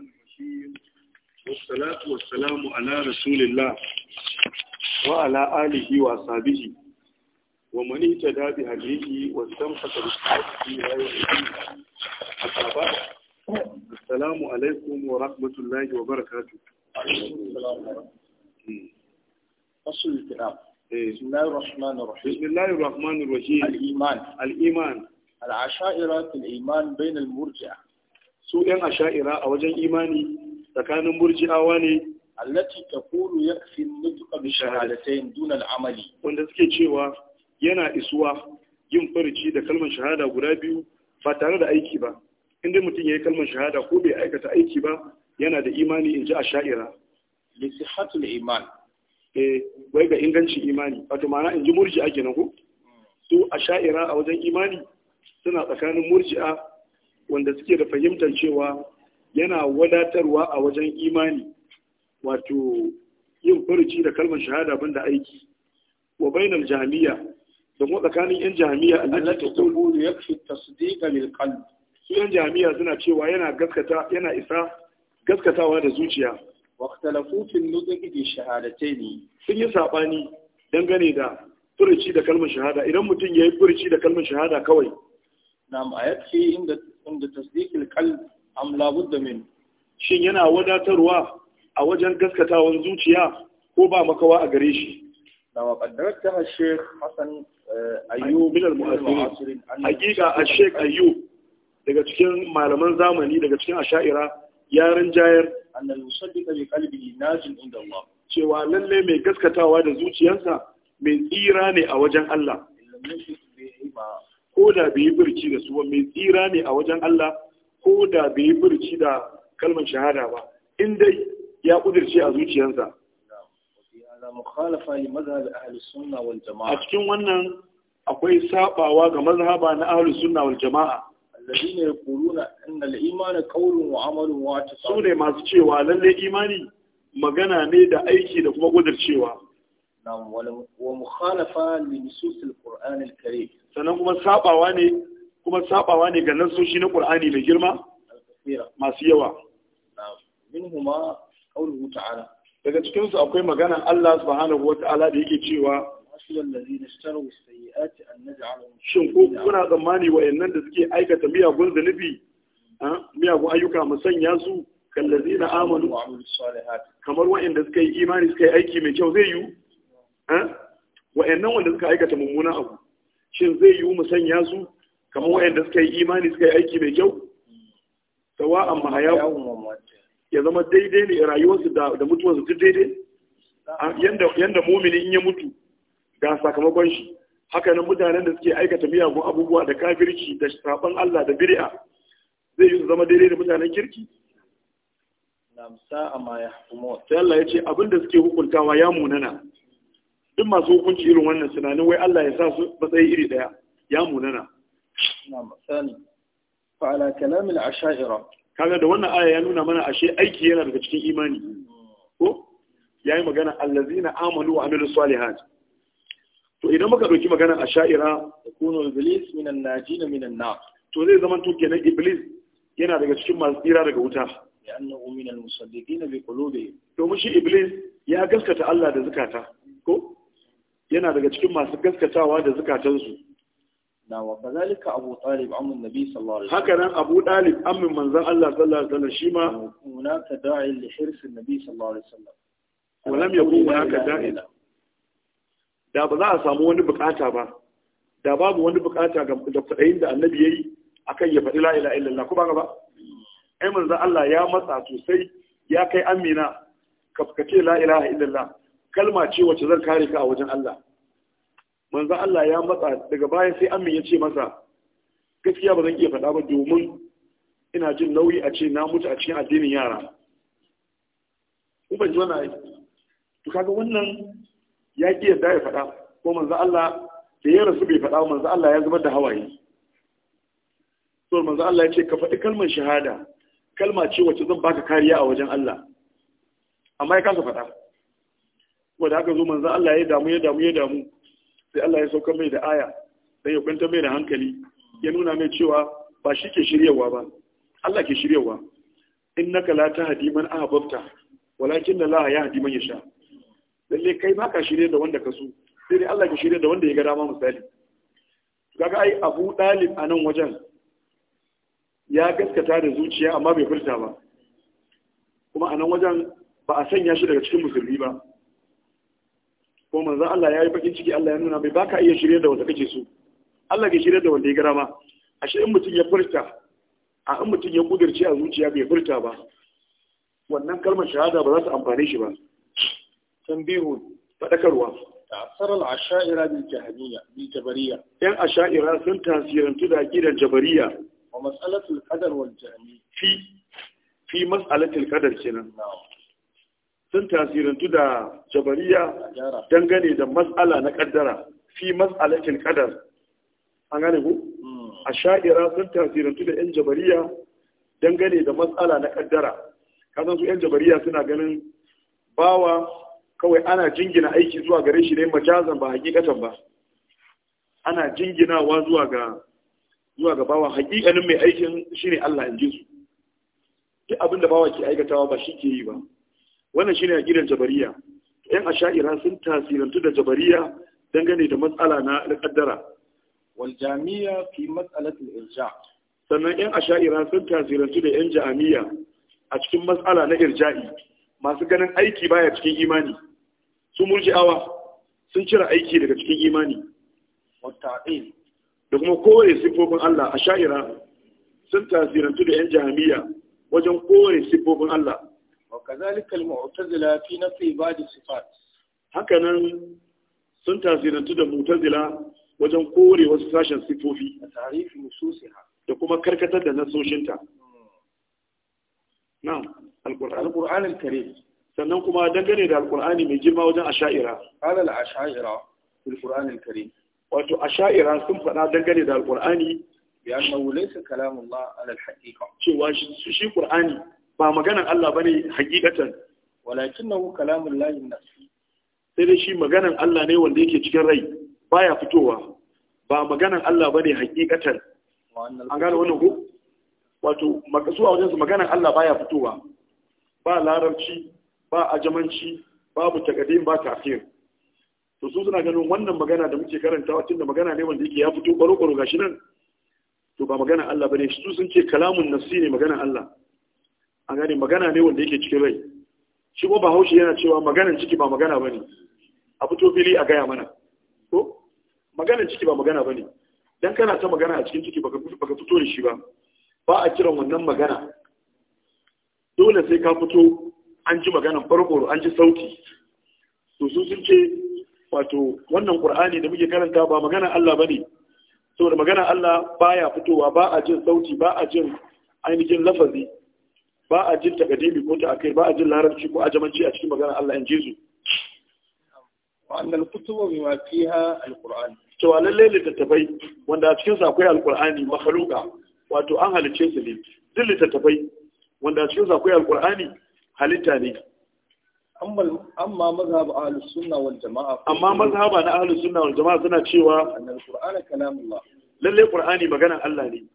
الرحمن الرحيم والصلاة والسلام على رسول الله وعلى آله وأصحابه ومن اهتدى بهديه واستمسك بسنته إلى يوم الدين السلام عليكم ورحمة الله وبركاته فصل الكلام بسم الله الرحمن الرحيم بسم الله الرحمن الرحيم الإيمان الإيمان العشائرة الإيمان بين المرجئة su ‘yan asha'ira a wajen imani tsakanin burji'awa ne allati taqulu yakfi nutqa bi shahadatayn duna al-amali wanda suke cewa yana isuwa yin farici da kalmar shahada guda biyu ba tare da aiki ba inda mutum yi kalmar shahada ko bai aikata aiki ba yana da imani inji asha'ira li sihhatul iman eh wai ga ingancin imani wato ma'ana inji murji'a kenan ko mm. su asha'ira a wajen imani suna tsakanin murji'a wanda suke da fahimtar cewa yana wadatarwa a wajen imani wato yin furuci da kalmar shahada banda aiki wa bainal jami'a, da kuma tsakanin yan jami'a ta allati ya fi tasdiqa lil qalbi su yan jami'a suna cewa yana gaskata yana isa gaskatawa da zuciya wa ikhtalafu fi nutqi bi shahadatayn sun yi sabani dangane da furuci da kalmar shahada idan mutum yayi furuci da kalmar shahada kawai na'am ayati inda inda tasdiqil qalb am la budda min shin yana wadatarwa a wajen gaskatawan zuciya ko ba makawa a gare shi da wa qaddarta Sheikh hasan eh, Ayyub bin al-mu'assirin hakika a Sheikh Ayyub daga cikin malaman zamani daga cikin asha'ira yaran jayar annal musaddiqa bi qalbihi najin inda Allah cewa lalle mai gaskatawa da zuciyarsa mai tsira ne a wajen Allah ko da bai yi burci da su mai tsira ne a wajen Allah ko da bai yi burci da kalmar shahada ba in dai ya kudirce a zuciyarsa a cikin wannan akwai sabawa ga mazhaba na ahlus sunna wal jama'a alladhina yaquluna anna al-iman qawlun wa amalun wa sune masu cewa lalle imani magana ne da aiki da kuma kudircewa nam wa mukhalafa li nusus al-qur'an al-karim sannan kuma sabawa ne kuma sabawa ne ga nasoshi na Qur'ani mai girma masu yawa minhuma qawluhu ta'ala daga cikin su akwai magana Allah subhanahu wata'ala da yake cewa shin ko kuna tsammani wayannan da suke aikata miyagun zunubi miyagun ayyuka mu sanya su kallazi na amanu kamar wayanda suka yi imani suka yi aiki mai kyau zai yi wayannan wanda suka aikata mummunan abu shin zai yi mu sanya su kamar wayanda suka yi imani suka yi aiki mai kyau amma haya ya zama daidai ne rayuwarsu da mutuwarsu duk daidai yanda mumini in ya mutu ga sakamakon shi haka nan mutanen da suke aikata miyagun abubuwa da kafirci da saban Allah da bid'a zai yi su zama daidai da mutanen kirki namsa amma ya hukumo sai Allah ya ce abinda suke hukuntawa ya munana duk masu hukunci irin wannan tunanin wai Allah ya sa su matsayi iri daya ya munana na misali fa ala kalamil asha'ira kaga da wannan aya ya nuna mana ashe aiki yana daga cikin imani ko Ya yi magana allazina amanu wa amilus salihat to idan muka ɗauki magana asha'ira yakunu iblis minan najina minan nar to zai zama to kenan iblis yana daga cikin masu tsira daga wuta لأنه من المصدقين بقلوبهم domin shi iblis ya gaskata Allah da zukata ko yana daga cikin masu gaskatawa da zukatansu na wa kazalika abu talib amun nabi sallallahu alaihi abu talib amin manzon Allah sallallahu alaihi wasallam shi ma hunaka da'i li hirsi nabi sallallahu alaihi wasallam yakun hunaka da'i da ba za a samu wani bukata ba da babu wani bukata ga da kudayin da annabi yayi akan ya faɗi la ilaha illallah ko ba ga ba ai manzon Allah ya matsa sosai ya kai amina ka ce la ilaha illallah kalma ce wacce zan kare ka a wajen Allah manzo Allah ya matsa daga baya sai Ammi ya ce masa gaskiya ba zan iya faɗa ba domin ina jin nauyi a ce na mutu a cikin addinin yara Kuma ban ji to kaga wannan ya ki yadda ya faɗa ko manzo Allah da ya rasu bai faɗa manzo Allah ya zubar da hawaye to manzo Allah ya ce ka faɗi kalmar shahada kalma ce wacce zan baka kariya a wajen Allah amma ya kasa faɗa kuma da haka zo manzan Allah ya damu ya damu ya damu sai Allah ya sauka mai da aya dan ya kwanta mai da hankali ya nuna mai cewa ba shi ke shiryawa ba Allah ke shiryawa innaka la tahdi man ahbabta walakin Allah hadi man yasha lalle kai ba ka shirye da wanda ka so sai dai Allah ke shirye da wanda ya ga dama misali kaga ai Abu Dalib a nan wajen ya gaskata da zuciya amma bai furta ba kuma a nan wajen ba a sanya shi daga cikin musulmi ba ko manzon Allah ya yi bakin ciki Allah ya nuna bai baka iya shirye da wanda kake so Allah ke shirye da wanda ya gara ma ashe in mutum ya furta a in mutum ya kudirce a zuciya bai furta ba wannan kalmar shahada ba za ta amfane shi ba tambihu fadakarwa ta'assara al ashaira bil jahmiyya bil jabariya yan Asha'ira sun tasirantu da aqidar jabariya wa mas'alatul qadar wal jahmi fi fi mas'alatul qadar kenan na'am sun tasirantu da jabariya dangane da matsala na kaddara fi matsalakin kadar an gane ku hmm. a sha'ira sun tasirantu da yan jabariya dangane da matsala na kaddara kasan su yan jabariya suna ganin bawa kawai ana jingina aiki zuwa gare shi ne majazan ba hakikatan ba ana jinginawa zuwa ga zuwa ga bawa hakikanin mai aikin shine Allah in ji su duk abin da bawa ke aikatawa ba shi ke yi ba wannan shine aqidar jabariya yan asha'ira sun tasirantu da jabariya dangane da matsala na alƙaddara wal jami'a fi mas'alatil irja sannan yan asha'ira sun tasirantu da yan jami'a a cikin matsala na irja'i masu ganin aiki baya cikin imani su murji'awa sun cire aiki daga cikin imani wata'in da kuma kowane siffofin Allah asha'ira sun tasirantu da yan jami'a wajen kowane siffofin Allah wa kazalika al-mu'tazila fi nafi ibadi sifat hakanan sun tasirantu da mu'tazila wajen kore wasu sashen sifofi a tarihi nususiha da kuma karkatar da nasoshinta na'am al-qur'an al-karim sannan kuma dangane da al-qur'ani mai girma wajen asha'ira qala al-asha'ira fil qur'an al-karim wato asha'ira sun faɗa dangane da al-qur'ani bi annahu laysa kalamullah shi ba maganan Allah ba ne hakikatan walakinahu kalamul layin nafsi sai dai shi maganan Allah ne wanda yake cikin rai baya fitowa ba maganan Allah ba ne hakikatan an gane wannan ko wato makasu a wajensu maganan Allah baya fitowa ba larabci ba ajamanci babu takadin ba ta'khir to su suna ganin wannan magana da muke karantawa tunda magana ne wanda yake ya fito baro baro gashi nan to ba magana Allah bane su sun ce kalamun nafsi ne magana Allah a gane magana ne wanda yake cikin rai shi ko bahaushe yana cewa maganan ciki ba magana ba ne a fito fili a gaya mana ko maganan ciki ba magana ba ne don kana ta magana a cikin ciki baka fito da shi ba ba a kiran wannan magana dole sai ka fito an ji maganan farko an ji sauti to su sun ce wato wannan qur'ani da muke karanta ba magana Allah ba ne. saboda magana Allah baya fitowa ba a jin sauti ba a jin ainihin lafazi ba a jin takadimi ko ta'akai ba a jin larabci ko ajamanci a cikin maganar Allah in jizu wa annal kutuba bima fiha alquran cewa lalle littattafai wanda a cikin sa akwai alqur'ani makhluqa wato an halice su ne duk littattafai wanda a cikin sa akwai alqur'ani halitta ne amma mazhab ahlus sunna wal jamaa amma mazhaba na ahlus sunna wal jamaa suna cewa annal qur'ana kalamullah lalle qur'ani maganar Allah ne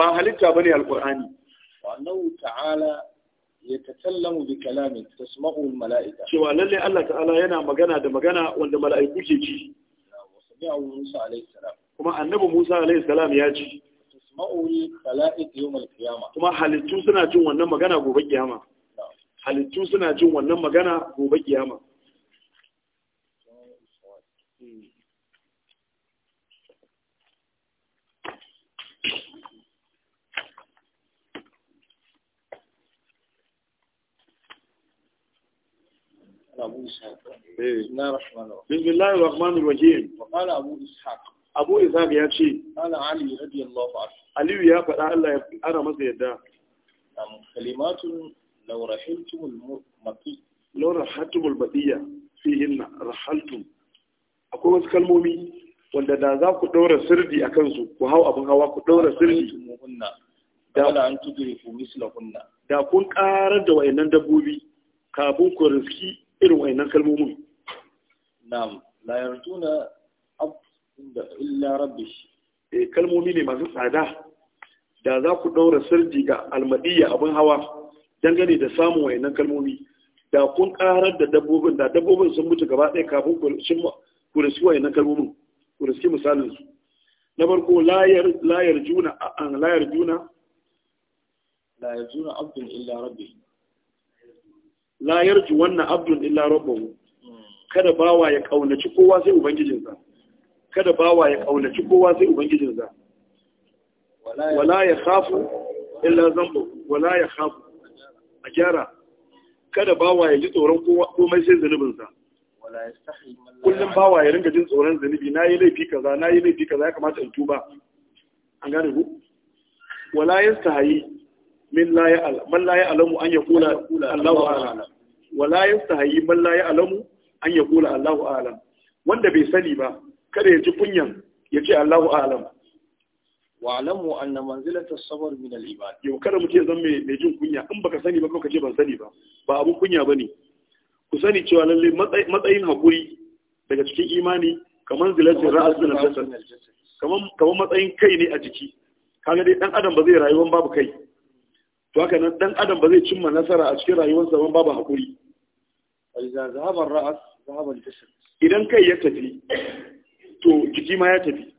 ba halitta bane alqur'ani وأنه تعالى يتكلم بكلام تسمعه الملائكة شو قال لي الله تعالى ينا مغنى ده مغنى وند ملائكه جي وسمعه موسى عليه السلام كما النبي موسى عليه السلام يا جي تسمعه الخلائق يوم القيامة كما halittu suna jin wannan magana gobe kiyama halittu suna jin wannan magana gobe kiyama أبو إسحاق بسم الله الرحمن الرحيم بسم الله الرحمن الرحيم وقال أبو إسحاق أبو إسحاق يا شيء قال علي رضي الله عنه علي يا فلا الله أنا ما سيدا كلمات wanda da za ku ɗaura sirdi a kansu ku hau abin hawa ku ɗaura sirdi da kun ƙarar da wayannan dabbobi kafin ku riski irin wayannan kalmomin na'am la yarjuna inda illa rabbish eh kalmomi ne masu tsada da za ku daura sirji ga almadiyya abin hawa dangane da samun wayannan kalmomi da kun karar da dabbobin da dabbobin sun mutu gaba ɗaya kafin ku riski wayannan kalmomin ku riski misalin su na farko layar juna layar juna layar juna abdin illa rabbi la yarju wannan abdun illa rabbahu kada bawa ya kaunaci kowa sai ubangijinsa kada bawa ya kaunaci kowa sai ubangijinsa wala ya khafu illa zambu wala ya khafu a gyara kada bawa ya ji tsoron komai sai zunubinsa kullum bawa ya ringa jin tsoron zanubi na yi laifi kaza na yi laifi kaza ya kamata in tuba an gane ku wala yastahi min la ya man la ya alamu an yaqula Allahu a'lam wa la yastahi man ya alamu an yaqula Allahu wanda bai sani ba kada ya ji kunyan ya ce Allahu a'lam wa alamu anna manzilata as-sabr min al yau kada mu ce zan mai jin kunya in baka sani ba ko ka ban sani ba ba abun kunya bane ku sani cewa lalle matsayin hakuri daga cikin imani kamar zilatin kamar matsayin kai ne a jiki kaga dai ɗan adam ba zai rayuwan babu kai to haka nan dan adam ba zai cimma nasara a cikin rayuwarsa ban babu hakuri alza zahabar ra'as zahabar jism idan kai ya tafi to jiki ma ya tafi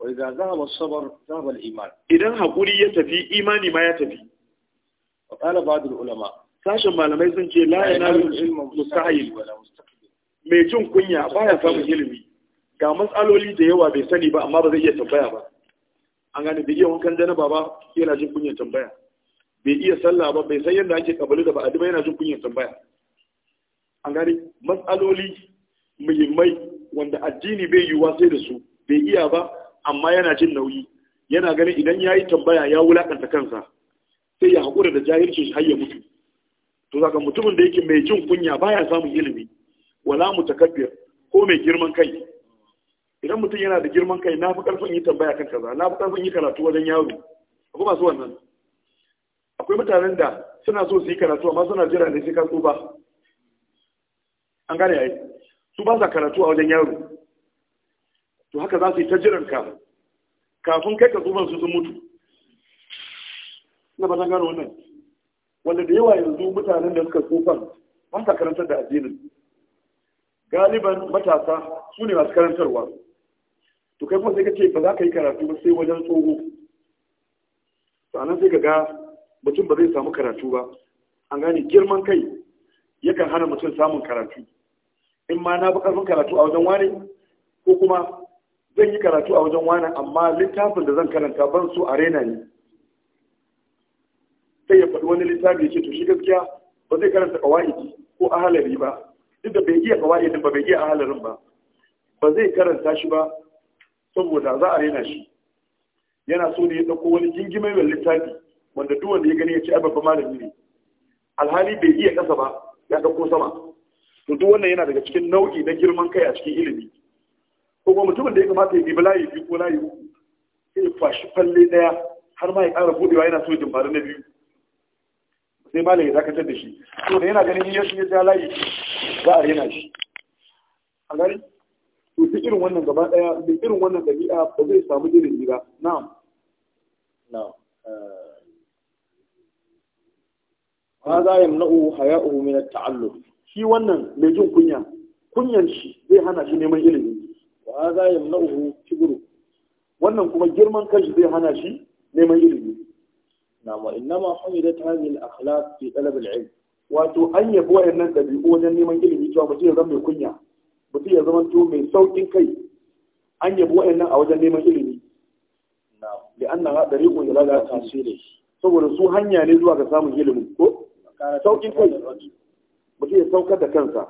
wa idza zahaba as-sabr zahaba al-iman idan hakuri ya tafi imani ma ya tafi wa qala ba'd al-ulama sashen malamai sun ce la yanalu ilmin mustahil mai jin kunya baya samun ilimi ga matsaloli da yawa bai sani ba amma ba zai iya tambaya ba an gane da iya wankan janaba ba yana jin kunya tambaya bai iya sallah ba bai san yadda ake kabali da a ba yana jin kunyar tambaya an gani matsaloli muhimmai wanda addini bai yiwuwa sai da su bai iya ba amma yana jin nauyi yana ganin idan ya yi tambaya ya wulakanta kansa sai ya haƙura da jahilcin har ya mutu to zaka mutumin da yake mai jin kunya baya samun ilimi wala takabbir ko mai girman kai idan mutum yana da girman kai na fi karfin yi tambaya kan kaza na fi karfin yi karatu wajen yaro akwai masu wannan akwai mutanen da suna so su yi karatu amma suna jira ne sai ka ba. an gane yayi su ba sa karatu a wajen yaro to haka za su yi ta jiran ka kafin kai ka tsufan su sun mutu na ba gano wannan wanda da yawa yanzu mutanen da suka tsufan ba sa karantar da addinin galiban matasa su ne masu karantarwa to kai kuma sai ka ce ba za ka yi karatu ba sai wajen tsoho sannan sai ka ga mutum ba zai samu karatu ba an gane girman kai yakan hana mutum samun karatu in ma na bi karatu a wajen wani ko kuma zan yi karatu a wajen wani amma littafin da zan karanta ban su a rena ne sai ya faɗi wani littafi ya ce to shi gaskiya ba zai karanta kawa'idi ko ahalari ba duk da bai iya kawa'idin ba bai iya ahalarin ba ba zai karanta shi ba saboda za a rena shi yana so ne ya ɗauko wani jingimai mai littafi wanda duk wanda ya gani ya ce abin malami ne alhali bai iya kasa ba ya ɗauko sama to duk wannan yana daga cikin nau'i na girman kai a cikin ilimi ko kuma mutumin da ya kamata ya dibi layi biyu ko layi uku sai ya fashi falle daya har ma ya ƙara buɗewa yana so ya dimfari na biyu sai malam ya dakatar da shi to da yana ganin yashi ya ja layi za a rena shi a gari to duk irin wannan gaba daya duk irin wannan dabi'a ba zai samu irin gida na'am na'am eh, ma za ya na'u haya'uhu min ta'allum shi wannan mai jin kunya kunyan shi zai hana shi neman ilimi wa za ya na'u kibru wannan kuma girman kanshi zai hana shi neman ilimi na inna ma humidat hadhihi al-akhlaq fi talab al-ilm wato an yabi wayannan dabi'u wajen neman ilimi cewa mutum ya zama mai kunya mutum ya zama to mai saukin kai an yabi wayannan a wajen neman ilimi Na'am. Li'anna anna dariqun ila tasiri saboda su hanya ne zuwa ga samun ilimi ko saukin kai mutum ya saukar da kansa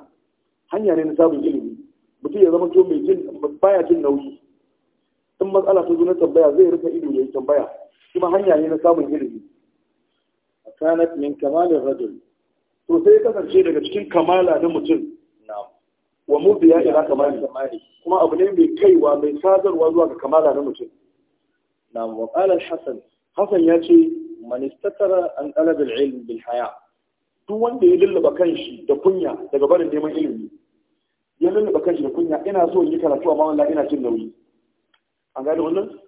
hanya ne na samun ilimi mutum ya zama mai jin baya jin nauyi in matsala ta zo na tambaya zai rufe ido ya yi tambaya kuma hanya ne na samun ilimi a kanat min kamalin rajul to sai kasance daga cikin kamala na mutum wa mudu mubiya ila kamali kuma abu ne mai kaiwa mai sadarwa zuwa ga kamala na mutum Na wa Hassan. Hassan ya ce man istatara an talab al-ilm bil haya' duk wanda ya lullaba kanshi da kunya daga barin neman ilimi ya lullaba kanshi da kunya ina so in yi karatu amma wallahi ina jin nauyi an gani wannan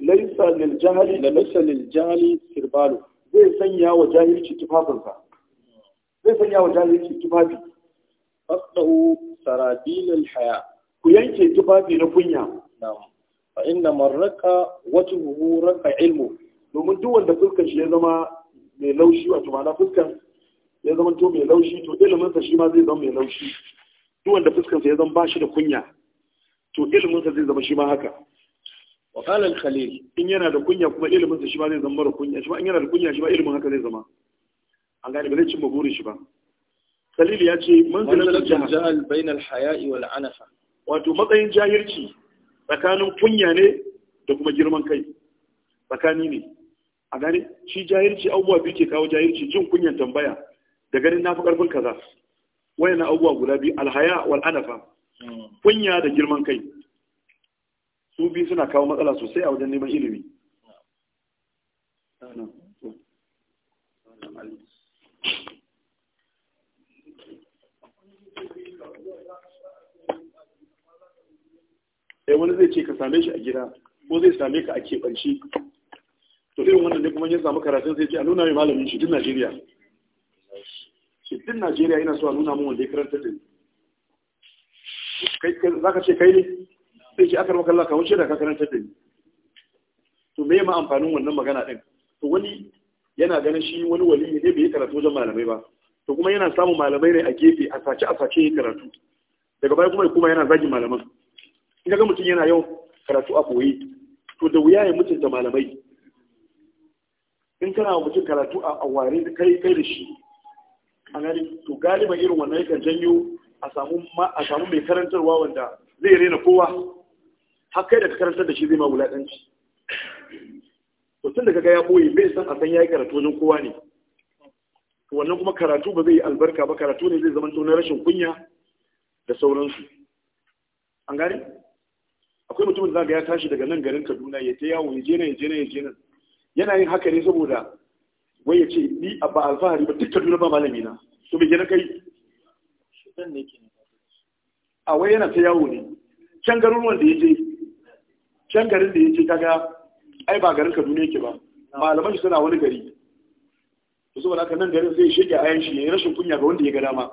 laisa lil jahali la laisa lil jahali sirbalu zai sanya wa jahilci tufafinsa zai sanya wa jahilci tufafi fasdahu sarabil al haya ku yanke tufafi na kunya na'am fa inna marraka wajhuhu raqa ilmu domin duk wanda fuskar shi ya zama mai laushi wato ma'ana fuskar ya zama to mai laushi to iliminsa shi ma zai zama mai laushi duk wanda fuskansa ya zama bashi da kunya to iliminsa zai zama shi ma haka wa qala al khalil in yana da kunya kuma iliminsa shi ma zai zama mara kunya shi ma in yana da kunya shi ma ilimin haka zai zama an gane ba zai cimma burin shi ba khalil ya ce manzilatul jahal bain al haya'i wal anafa wato matsayin jahilci tsakanin kunya ne da kuma girman kai tsakani ne a gane shi jahilci abubuwa biyu ke kawo jahilci jin kunyan tambaya da ganin na fi ƙarfin kaza na abubuwa guda biyu alhaya wal anafa kunya da girman kai su biyu suna kawo matsala sosai a wajen neman ilimi sai eh, wani zai ce ka same shi a gida ko zai same ka a keɓance to irin wannan ne kuma ya samu karatun zai ce a nuna mai malamin shi duk najeriya duk Najeriya yana so a nuna mun wanda ya karanta da ni za ka ce kai ne sai ce aka maka ka wuce da ka karanta da ni to me ma amfanin wannan magana ɗin. to wani yana ganin shi wani wali ne bai yi karatu wajen malamai ba to kuma yana samun malamai ne a gefe a sace a sace yin karatu daga baya kuma kuma yana zagin malaman Ina ga mutum yana yau karatu a koyi to da wuya ya mutunta malamai in kana mutum karatu a ware kai kai da shi an to galiba irin wannan yakan janyo a samu mai karantarwa wanda zai rena kowa har kai da ka karantar da shi zai ma wulaƙanci to da kaga ya boye bai san a san yayi karatu wajen kowa ne wannan kuma karatu ba zai yi albarka ba karatu ne zai zama to na rashin kunya da sauransu an gane akwai mutumin da ya tashi daga nan garin Kaduna ya ta yawo ya je nan ya je nan ya je nan yana yin haka ne saboda wai ya ce ni a ba alfahari ba duk kaduna ba malami na to me kenan kai a wai yana ta yawo ne can garin wanda ya je can garin da ya je kaga ai ba garin kaduna yake ba malaman shi suna wani gari to saboda haka nan garin zai shige ayan shi yayin rashin kunya ga wanda ya ga dama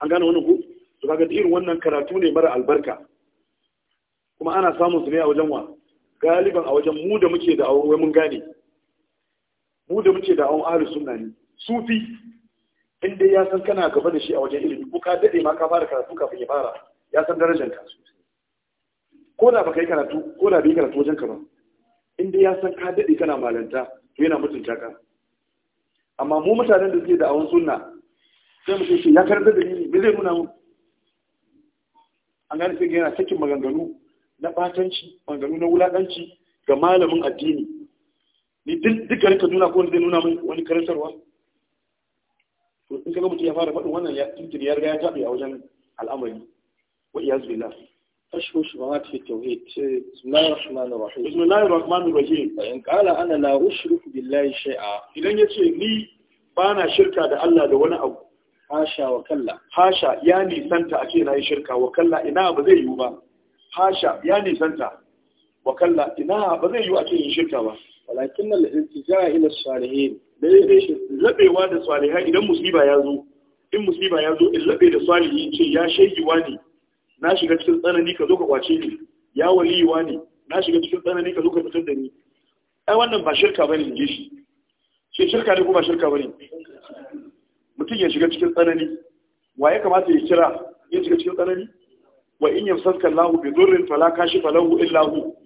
an gane wani ku to kaga irin wannan karatu ne mara albarka kuma ana samun su ne a wajen wa galiban a wajen mu da muke da aure mun gane mu da muke da awon ahlus sunna ne sufi in dai ya san kana gaba da shi a wajen ilimi ko ka dade ma ka fara karatu kafin ya fara ya san darajar ka ko da baka yi karatu ko da bai karatu wajen ka ba in dai ya san ka dade kana malanta to yana mutunta ka amma mu mutanen da suke da awon sunna sai mu ce ya karanta da ni me zai nuna mu an gane sai yana cikin maganganu na batanci maganganu na wulakanci ga malamin addini ni duk garin kaduna ko zai nuna min wani karantarwa to in kaga mutum ya fara faɗin wannan ya tuntuni ya riga ya taɓe a wajen al'amari wa iyaz billah أشهر شبهات في التوحيد بسم الله الرحمن الرحيم بسم الله الرحمن الرحيم فإن قال أنا لا أشرك بالله شيئا إذا يتي لي بانا شركة دا الله دا وانا أو حاشا وكلا حاشا يعني سنتا أكيد هاي شركة وكلا إنا بذي يوبا حاشا يعني سنتا وكلا إنا بذي يو أكيد شركة وكلا walakin الالتجاء الى الصالحين لبيوا dai dai shi labewa da salihai idan musiba ya zo in musiba ya zo in labe da salihi ce ya shegiwa ne na shiga cikin tsanani ka zo ka kwace ni ya waliwa ne na shiga cikin tsanani ka zo ka fitar da ni ai wannan ba shirka bane in ji shi shi shirka ne ko ba shirka bane mutum ya shiga cikin tsanani wa ya kamata ya kira ya shiga cikin tsanani wa in yamsaka Allahu bi dhurrin fala kashifa lahu illa hu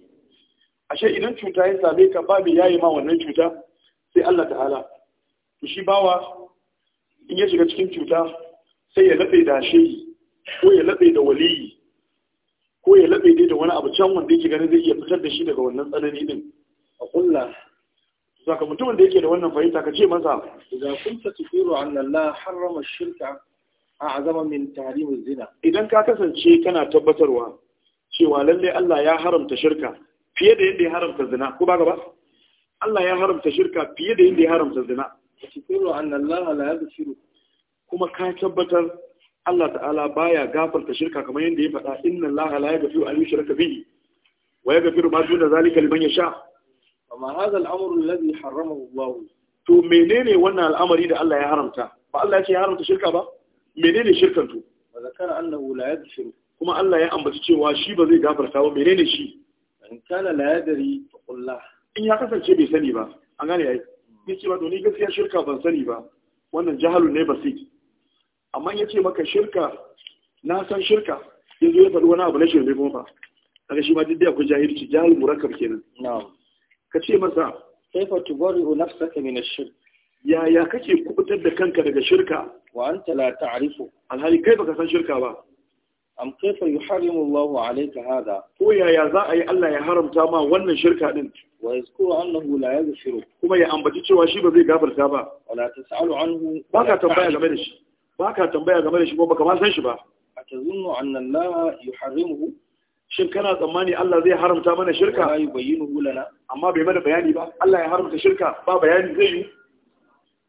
ashe idan cuta ya same ka ba mai yayi ma wannan cuta sai Allah ta'ala to shi bawa in ya shiga cikin cuta sai ya labe da shehi ko ya labe da waliyi ko ya labe dai da wani abu can wanda yake ganin zai iya fitar da shi daga wannan tsanani din a kullu saka mutumin da yake da wannan fahimta ka ce masa idan kunta tukiru an Allah harrama shirka a'zama min tahrim zina idan ka kasance kana tabbatarwa cewa lalle Allah ya haramta shirka fiye da yadda ya haramta zina ko ba gaba Allah ya haramta shirka fiye da yadda ya haramta zina tukiru annallaha la yaghfiru kuma ka tabbatar Allah ta'ala baya gafarta shirka kamar yadda ya faɗa inna Allah la yaghfiru an yushraka bihi wa yaghfiru ma duna zalika liman yasha amma hadha al-amru alladhi harramahu Allah to menene wannan al'amari da Allah ya haramta ba Allah ya ce ya haramta shirka ba menene shirkan to wa zakara annahu la yaghfiru kuma Allah ya ambaci cewa shi ba zai gafarta ba menene shi in kana la yadari fa qullah in ya kasance bai sani ba an gane yayi yace ba to ni gaskiya shirka ban sani ba wannan jahalu ne basiti amma ce maka shirka na san shirka yanzu ya faɗi wani abu na shi shirme kuma ba Daga shi ma duk da akwai jahilci jahil murakkab kenan na'am ka ce masa kaifa tubari'u nafsaka min ash-shirk ya ya kake kubutar da kanka daga shirka wa anta la ta'rifu alhali kai baka san shirka ba am kaifa yuharrimu Allahu alayka hada ko ya za a yi Allah ya haramta ma wannan shirka din wa yazkuru annahu la yaghfiru kuma ya ambaci cewa shi ba zai gafarta ba wala tasalu anhu baka tambaya game da shi baka tambaya game da shi ko baka ma san shi ba atazunnu anna Allah yuharrimuhu shin kana tsammani Allah zai haramta mana shirka ya yubayyinuhu lana amma bai mana bayani ba Allah ya haramta shirka ba bayani zai yi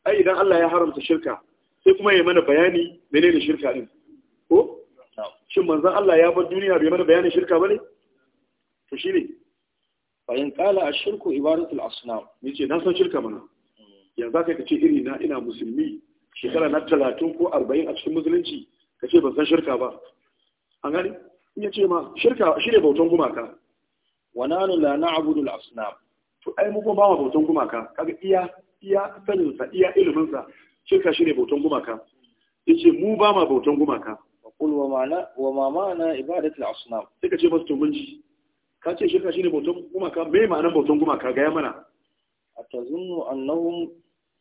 ai idan Allah ya haramta shirka sai kuma ya mana bayani menene shirka din ko shin manzan Allah ya bar duniya bai mana bayanin shirka bane to ne. fa in kala ash-shirku ibadatul asnam yace na san shirka mana yanzu kai kace iri na ina musulmi shekara na 30 ko 40 a cikin musulunci kace ban san shirka ba an gani in yace ma shirka shi ne bautan gumaka wa nanu la na'budu al-asnam to ai mu ba ma bautan gumaka kaga iya iya sanin sa iya iliminsa. sa shirka ne bautan gumaka yace mu ba ma bautan gumaka qul wa ma'ana wa ma ma'ana ibadatul asnam sai ka ce musu to ka ce shirka shine bautan gumaka me ma'anar bautan gumaka ga ya mana atazunnu annahum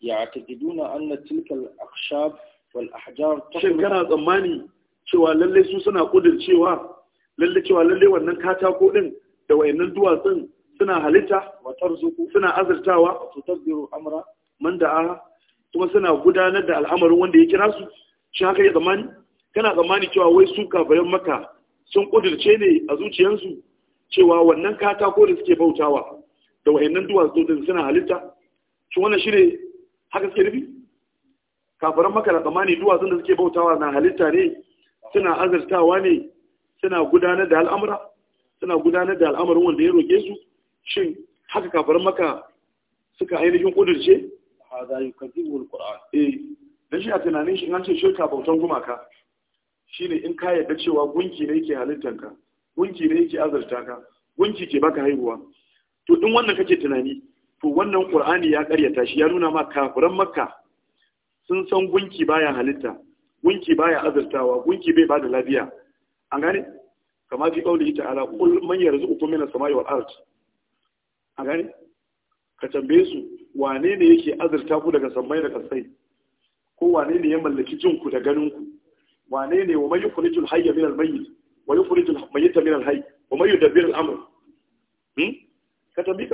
ya'taqiduna anna tilka al-akhshab wal ahjar shin kana tsammani cewa lalle su suna kudircewa lalle cewa lalle wannan katako din da wayannan duwatsun suna halitta wa tarzuku suna azurtawa wa tutabbiru amra man da'a kuma suna gudanar da al'amarin wanda ya kira su shi haka ya zamani kana tsammani cewa wai su kafirin maka sun kudirce ne a zuciyarsu cewa wannan katako da suke bautawa da wayannan duwatsu din suna halitta shi wannan shi ne haka suke nufi kafirin maka da tsammani duwatsun da suke bautawa na halitta ne suna azartawa ne suna gudanar da al'amura suna gudanar da al'amarin wanda ya roke su shin haka kafirin maka suka ainihin kudirce hada yukadibu alquran eh dan shi a tunanin shi an ce shirka bautan gumaka shine in ka yadda cewa gunki ne yake halittanka gunki ne yake azurta ka gunki ke baka haihuwa to in wannan kake tunani to wannan qur'ani ya karyata shi ya nuna ma kafiran makka sun san gunki baya halitta gunki baya azurtawa gunki bai bada lafiya an gane kama fi ta ala qul man yarzuqukum as samai wal ard an gane ka tambaye su wane ne yake azurta ku daga sammai da kasai ko wane ne ya mallaki jinku da ganinku wane ne wa mayu kulijul hayya min al wa yukhrijul mayyita min al-hayy wa mayu dabbir al-amr hmm ka tambi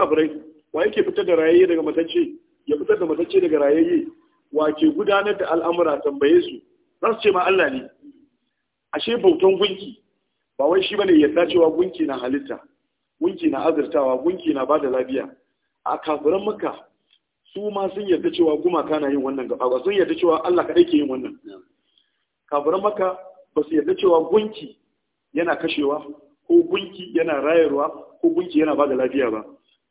wa yake fitar da rayayye daga matacce ya fitar da matacce daga rayayye wa ke gudanar da al'amura tambaye su za su ce ma Allah ne ashe bautan gunki ba wai shi bane yadda cewa gunki na halitta gunki na azurtawa gunki na bada lafiya a kafiran maka, su ma sun yarda cewa gumaka na yin wannan gaba Ba sun yarda cewa Allah kaɗai ke yin wannan kafin maka ba su yarda cewa gunki yana kashewa ko gunki yana rayarwa ko gunki yana ba da lafiya ba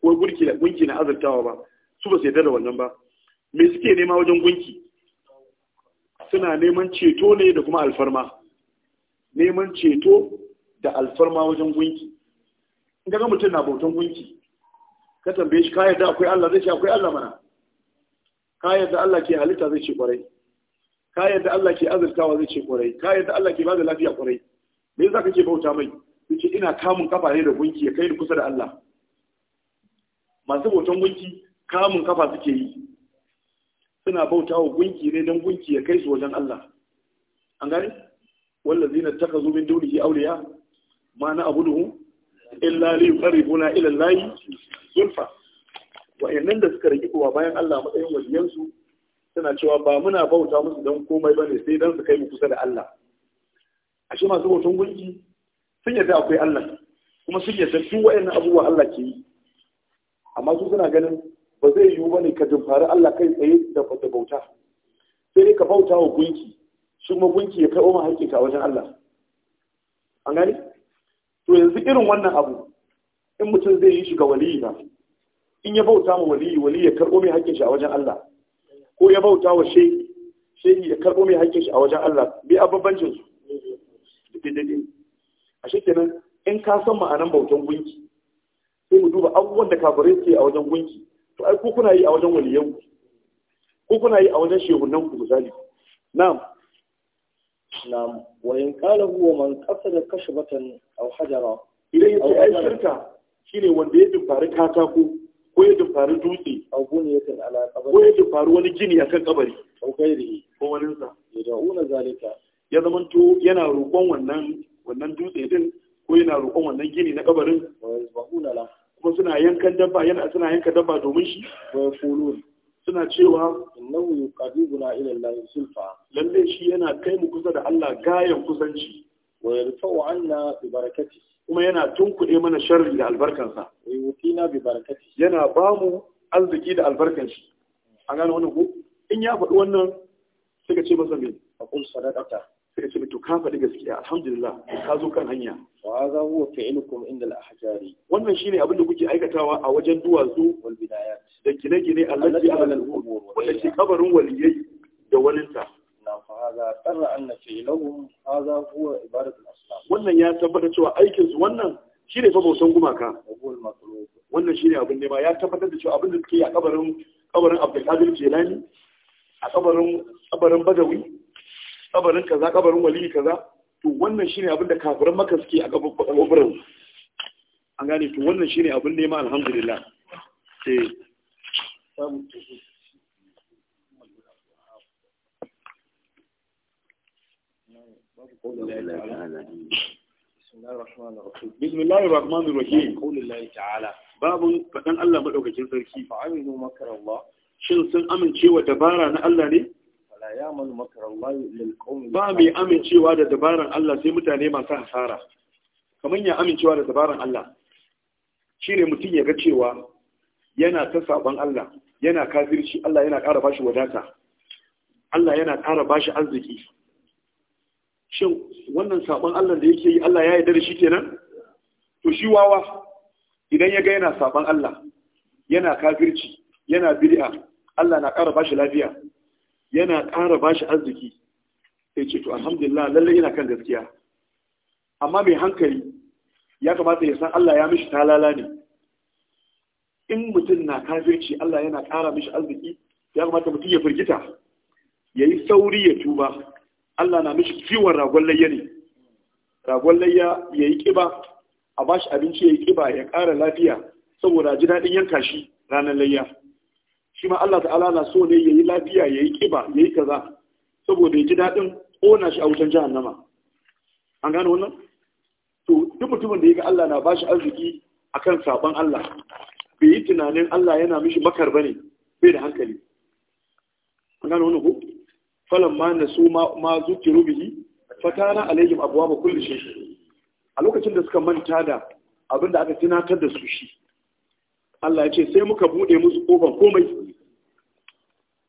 ko gunki na azurtawa ba su ba su yarda da wannan ba me suke nema wajen gunki suna neman ceto ne da kuma alfarma neman ceto da alfarma wajen gunki in ga mutum na bautan gunki ka tambaye shi ka yarda akwai Allah zai ce akwai Allah mana ka yarda Allah ke halitta zai ce kwarai ka yadda Allah ke azurtawa zai ce kwarai ka yadda Allah ke bada lafiya kwarai me yasa kake bauta mai yace ina kamun kafa ne da gunki ya kai ni kusa da Allah masu bautan gunki kamun kafa suke yi suna bautawa gunki ne don gunki ya kai su wajen Allah an gane wallazina takazu min dunihi awliya ma na abuduhu illa li yuqarribuna ila Allah zulfa wa'annan da suka rike kuwa bayan Allah matsayin waliyansu suna cewa ba muna bauta musu don komai bane sai don su kai mu kusa da Allah ashe masu hoton gunki sun yarda akwai Allah kuma sun yarda su wayannan abubuwa Allah ke yi amma su suna ganin ba zai yiwu ne ka jimfari Allah kai tsaye da bauta sai dai ka bauta wa gunki shi kuma gunki ya kai ma hakika wajen Allah an gani to yanzu irin wannan abu in mutum zai yi shi ga waliyi na in ya bauta ma waliyi waliyi ya karɓo mai hakkin shi a wajen Allah ko ya bauta wa shehi shehi ya karɓo mai haƙƙin shi a wajen Allah bi babbancin su a a nan in ka san ma'anan bautan gunki sai mu duba abubuwan da kafirai suke a wajen gunki to ai ko kuna yi a wajen waliyan ku ko kuna yi a wajen shehunan ku misali na'am na'am wa in qala huwa man kashe kashbatan aw hajara idan ce ai shirka shine wanda ya dubari katako ko ya dumfari dutse a guniyatin ala kabari ko ya dumfari wani gini a kan kabari ko gairi ko wani sa ya da'una zalika ya zamanto yana roƙon wannan wannan dutse din ko yana roƙon wannan gini na kabarin kuma suna yankan dabba yana suna yanka dabba domin shi wa yaqulun suna cewa innahu yuqadibuna ila Allah sulfa lalle shi yana kai mu kusa da Allah gayan kusanci wa yarfa'u anna bi barakati kuma yana tunkuɗe mana sharri da albarkansa wa yutina bi barakati yana bamu arziki da albarkan shi an wannan ko in ya faɗi wannan suka ce masa me a kun sadaqata suka ce to ka faɗi gaskiya alhamdulillah ka zo kan hanya wa hadha huwa fi'lukum inda al-ahjari wannan shine abin da kuke aikatawa a wajen duwatsu wal da gine-gine a ala al-umur wanda ke kabarin waliyai da walinta wannan ya tabbata cewa aikin su wannan shine fa bautan gumaka wannan shine abin ne ba ya tabbatar da cewa abin da suke a kabarin kabarin Abdulkadir Jilani a kabarin kabarin Badawi kabarin kaza kabarin wali kaza to wannan shine abin da kafiran maka suke a kabarin an gane to wannan shine abin ne ma alhamdulillah eh. قول الله تعالى بسم الله الرحمن الرحيم قول الله تعالى باب فدان الله مدوكين سركي فعملوا مكر الله shin sun amincewa dabara na Allah ne wala ya'mal makra amincewa da dabaran Allah sai mutane masu hasara kaman ya amincewa da dabaran Allah shine mutum ya ga cewa yana ta saban Allah yana kafirci Allah yana ƙara bashi wadata Allah yana ƙara bashi arziki shin wannan sabon Allah da yake yi Allah ya yarda da shi kenan to shi wawa idan ya ga yana sabon Allah yana kafirci yana bid'a Allah na ƙara bashi lafiya yana ƙara bashi arziki sai ce to alhamdulillah lalle ina kan gaskiya amma mai hankali ya kamata ya san Allah ya mishi talala ne in mutum na kafirci Allah yana ƙara mishi arziki ya kamata mutum ya firgita yayi sauri ya tuba Allah na mishi kiwon ragon layya ne ragon layya ya yi ƙiba a bashi abinci ya yi ƙiba ya ƙara lafiya saboda ji daɗin yanka shi ranar layya shi ma Allah ta'ala na so ne ya yi lafiya ya yi ƙiba ya yi kaza saboda ya ji daɗin ƙona shi a wutan jahannama an gane wannan to duk mutumin da ya ga Allah na bashi arziki akan saban Allah bai yi tunanin Allah yana mishi makar bane bai da hankali an gane wannan ko falan ma na su ma zuke rubihi fatana alaihim abuwa ba kulli shi a lokacin da suka manta da abin da aka tunatar da su shi Allah ya ce sai muka bude musu kofar komai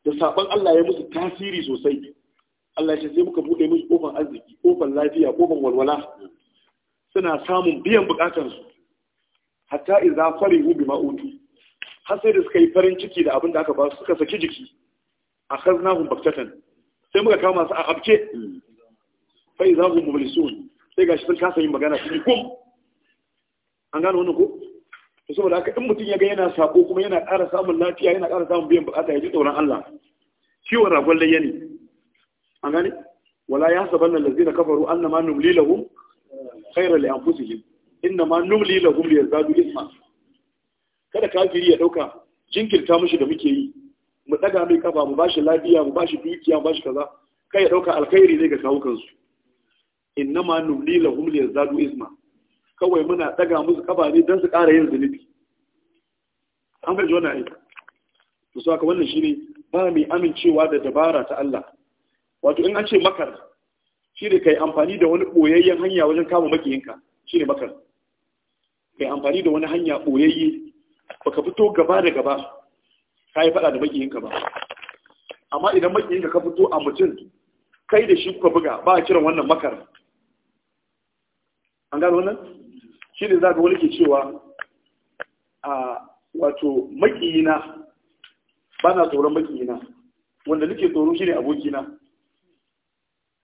da sabon Allah ya musu tasiri sosai Allah ya ce sai muka bude musu kofar arziki kofar lafiya kofar walwala suna samun biyan bukatansu hatta idza farihu bima utu har sai da suka yi farin ciki da abinda aka ba su suka saki jiki akhaznahum baktatan sai muka kama su a abke hmm. fa iza hum mublisun sai gashi sun kasa yin magana su gum an gano wannan ko to saboda haka in mutum ya ga yana sako kuma yana ƙara samun lafiya yana ƙara samun biyan bukata ya ji tsoron Allah ciwon ragon layya ne an gane wala ya sabanna allazina kafaru annama numli lahum khayran li anfusihim innama numli lahum liyazdadu isma kada kafiri ya dauka jinkirta mushi da muke yi mu daga mai kafa mu bashi lafiya mu bashi dukiya mu bashi kaza kai ya dauka alkhairi ne ga kawo kansu innama nubli lahum yazadu isma kawai muna daga musu kafa ne dan su ƙara yin zunubi an ga jona ai to saka wannan shine ba mai amincewa da dabara ta Allah wato in an ce makar shine kai amfani da wani boyayyen hanya wajen kama makiyinka shine makar kai amfani da wani hanya boyayye baka fito gaba da gaba ka yi faɗa da makiyinka ba amma idan makiyinka ka fito a mutum kai da shi kuka buga ba a kiran wannan makar an gano wannan shi ne za ka wani ke cewa a wato makiyina ba na tsoron makiyina wanda nake tsoro shi ne abokina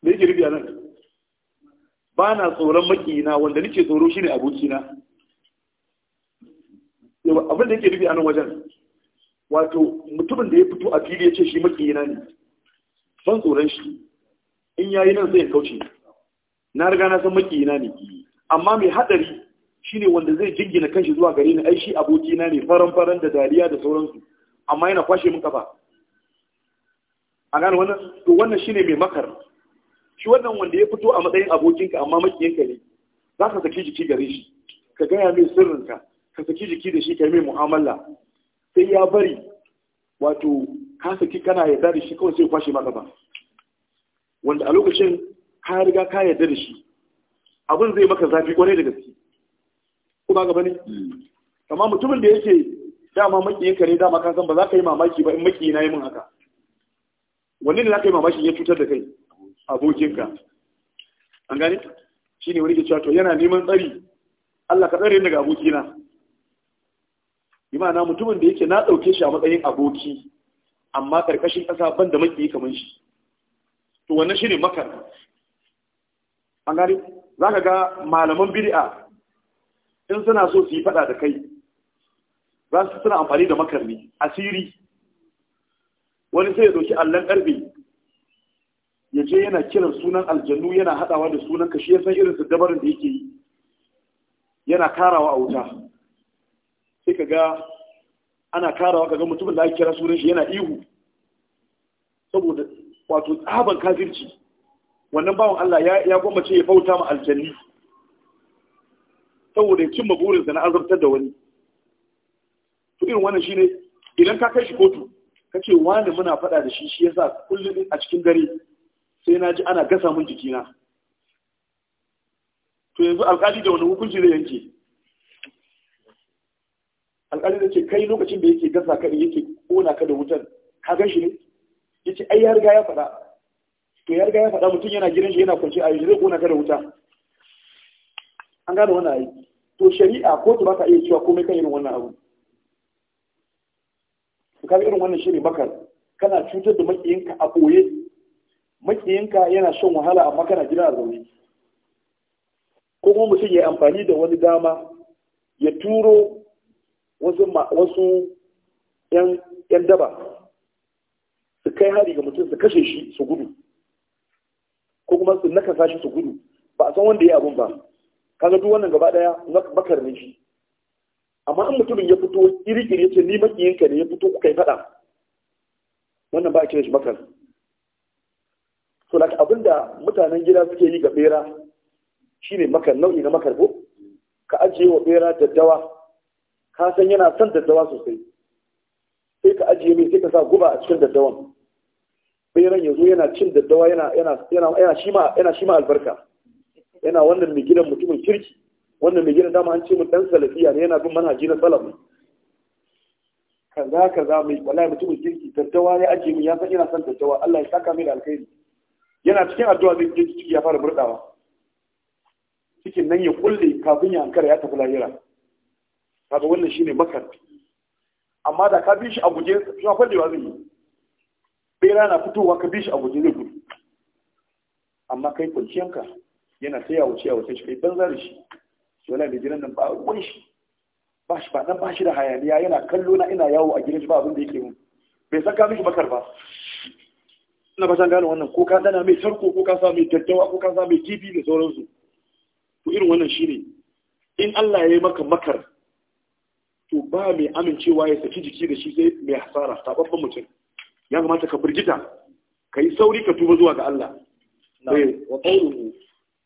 da yake rubi a nan ba na tsoron makiyina wanda nake tsoro shi ne abokina abin da yake rubi a nan wajen wato mutumin da ya fito a fili ya ce shi makiyina ne ban tsoron shi in yayi nan zai kauce na riga na san makiyina ne amma mai hadari shine wanda zai jingina kanshi zuwa gare ni ai shi abokina ne faran faran da dariya da sauransu amma yana kwashe min kafa a gane wannan to wannan shine mai makar shi wannan wanda ya fito a matsayin abokinka amma makiyinka ne za ka saki jiki gare shi ka gaya mai sirrinka ka saki jiki da shi ka yi mai mu'amala sai ya bari wato ka saki kana yarda da shi kawai sai kwashe maka ba wanda a lokacin ka riga ka yarda da shi abin zai maka zafi kwarai da gaske ko ba gaba ne hmm. amma mutumin da yake dama makiyin ka ne dama ka san ba za ka yi mamaki ba in makiyi na yi min haka wanne ne za ka yi mamaki ya cutar da kai abokinka an gane shi ne wani ke cewa to yana neman tsari Allah ka tsare daga abokina imana mutumin da yake na ɗauke shi a matsayin aboki amma ƙarƙashin ƙasa ban da yi kamar shi to wannan shi ne makar an gari za ka ga malaman a in suna so su yi faɗa da kai za su suna amfani da makar ne asiri wani sai ya ɗauki allon ƙarfe ya je yana kiran sunan aljannu yana haɗawa da sunan kashi shi ya san irin dabarin da yake yi yana karawa a wuta sai ka ga ana karawa ka ga mutumin da ake kira sunan shi yana ihu saboda wato tsaban kafirci wannan bawan Allah ya ce ya bauta ma aljanni saboda ya cimma burinsa na azabtar da wani to irin wannan shine idan ka kai shi kotu ka wani muna faɗa da shi shi yasa kullum a cikin dare sai na ji ana gasa mun jikina to yanzu alƙali da wani hukunci zai yanke alƙali da ce kai lokacin da yake gasa ka yake kona ka da wutar ka gan shi ne ya ce ai ya ya faɗa to ya ya faɗa mutum yana gidan shi yana kwance a yi zai kona ka da wuta an gane wannan ayi to shari'a ko ba ta iya cewa komai kan irin wannan abu ka irin wannan shi ne bakar kana cutar da makiyinka a ɓoye makiyinka yana shan wahala amma kana gida a zaune ko kuma mutum ya amfani da wani dama ya turo wasu yan daba su kai hari ga mutum su kashe shi su gudu ko kuma su naka shi su gudu ba a san wanda ya abun ba kaga duk wannan gaba daya bakar ne shi amma in mutumin ya fito iri-iri ya ce ni makiyinka ne ya fito kuka yi faɗa wannan ba a kira shi bakar so like abinda mutanen gida suke yi ga bera shine makar nau'i na makar ko ka ajiye wa bera daddawa ka san yana son daddawa sosai sai ka ajiye mai sai ka sa guba a cikin daddawan beran ya zo yana cin daddawa yana shi ma albarka yana wannan mai gidan mutumin kirki wannan mai gidan dama an ce mun dan salafiya ne yana bin manhaji na salaf kaza kaza mai wallahi mutumin kirki daddawa ya ajiye min ya san yana son daddawa Allah ya saka mai da alkhairi yana cikin addu'a zai je ciki ya fara burdawa cikin nan ya kulle kafin ya ankara ya tafi lahira kaga wannan shine makar amma da ka bi shi a guje shi ma kwallewa zai yi bera na fitowa ka bi shi a guje zai gudu amma kai kwanciyanka yana ta yawo ciya wata shi kai banza da shi shi wala da gidan nan ba wani shi ba shi ba dan ba shi da hayaniya yana kallo na ina yawo a gidan shi ba abin da yake mun bai san ka mishi makar ba ina ba san gane wannan ko ka dana mai tarko ko ka sa mai tattawa ko ka sa mai kifi da sauransu to irin wannan shine in Allah ya yi maka makar to ba mai amincewa ya saki jiki da shi sai mai hasara Babban mutum ya kamata ka birgita ka yi sauri ka tuba zuwa ga Allah eh,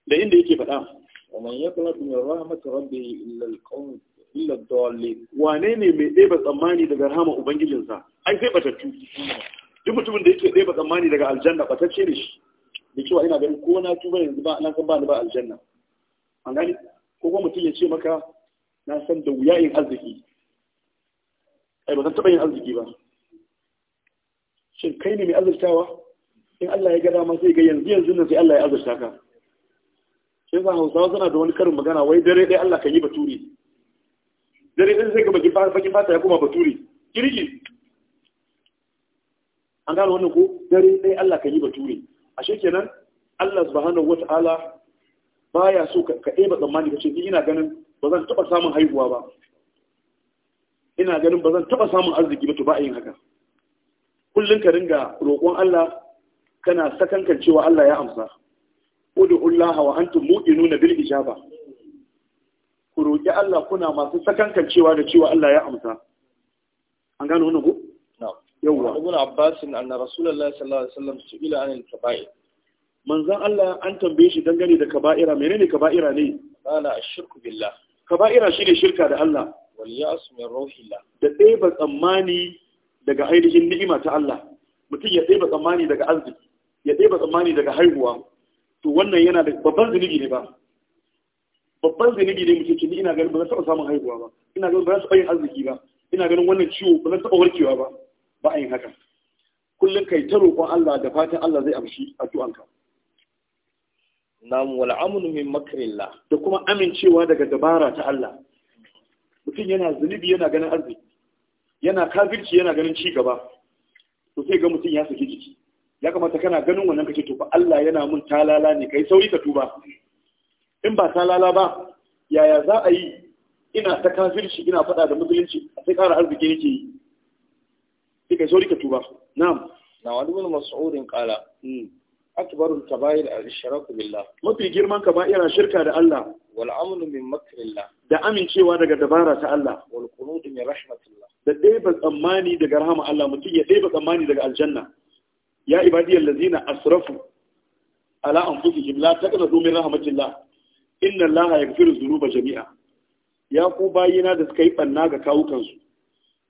da inda yake faɗa ومن يقنط من رحمة ربه إلا القوم إلا الضالين wane ne mai ɗeba tsammani daga rahama ubangijinsa ai sai batattu duk mutumin da yake ɗeba tsammani daga aljanna batacce ne shi da cewa ina ganin ko na tuba yanzu ba na san ba ni ba aljanna an gani ko kuma mutum ya ce maka na san da wuya in arziki ai ba zan taɓa yin arziki ba shin kai ne mai azurtawa in Allah ya gada ma sai ga yanzu yanzu nan sai Allah ya azurta ka sai sa Hausawa suna da wani karin magana wai dare dai Allah kan yi baturi dare ɗaya sai ga bakin baki fata ya koma baturi kirki an gano wannan ko dare dai Allah kan yi baturi ashe kenan Allah subhanahu wata'ala baya so ka ɗaya ba tsammani ka ce ni ina ganin ba zan taɓa samun haihuwa ba ina ganin ba zan taɓa samun arziki ba to ba a yin haka kullum ka ringa roƙon Allah kana sakankan cewa Allah ya amsa ud'ullaha wa antum muqinuna bil ijaba ku roƙi Allah kuna masu sakankan cewa da cewa Allah ya amsa an gano wannan ko yawwa ibn abbas anna rasulullahi sallallahu alaihi wasallam su'ila anil kaba'ir manzon Allah an tambaye shi dangane da kaba'ira menene kaba'ira ne ana ashirku billah kaba'ira shine shirka da Allah wal ya'su min rauhillah da ɗeba tsammani daga ainihin ni'ima ta Allah mutum ya ɗeba tsammani daga arziki ya ɗeba tsammani daga haihuwa to wannan yana da babban zunubi ne ba babban zunubi ne mutum ce ni ina ganin ba zan taɓa samun haihuwa ba ina ganin ba zan taɓa yin arziki ba ina ganin wannan ciwo ba zan taɓa warkewa ba ba a yin haka kullum kai ta roƙon Allah da fatan Allah zai amshi addu'anka nam wal amnu min makrillah da kuma amincewa daga dabara ta Allah mutum yana zunubi yana ganin arziki yana kafirci yana ganin ci gaba to sai ga mutum ya saki jiki ya kamata kana ganin wannan kake to fa Allah yana mun talala ne kai sauri ka tuba in ba talala ba yaya za a yi ina ta kafirci ina faɗa da musulunci sai ƙara arziki nake yi sai kai sauri ka tuba na'am na wani mas'udin qala hmm. akbarul kaba'ir al-shirku billah mafi girman kaba'ira shirka da Allah wal amnu min makrillah da amincewa daga dabara ta Allah wal qunut min rahmatillah da ɗeba tsammani daga rahama Allah mutum ya ɗeba tsammani daga aljanna ya ibadiyal ladzina asrafu ala anfusihim la taqnatu min rahmatillah inna Allah yaghfiru dhunuba jami'a ya ku bayina da suka yi banna ga su.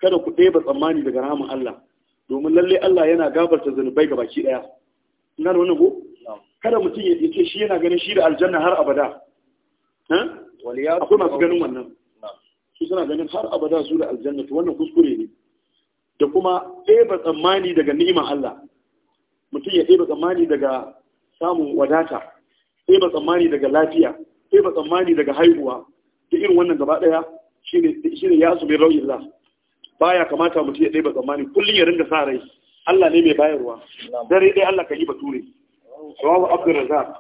kada ku ɗeba tsammani daga rahama Allah domin lalle Allah yana gafarta zunubai gabaki ɗaya gano wani ko kada mutum ya ce shi yana ganin shi da aljanna har abada akwai masu ganin wannan su suna ganin har abada su da aljanna to wannan kuskure ne da kuma ɗeba tsammani daga ni'imar Allah mutum ya ɗeba tsammani daga samun wadata ɗeba tsammani daga lafiya ɗeba tsammani daga haihuwa da irin wannan gaba ɗaya shi ne ya su mai rauyin Ba baya kamata mutum ya ɗeba tsammani kullum ya ringa sa rai Allah ne mai bayarwa dare dai Allah ka yi bature rawahu abdurrazzaq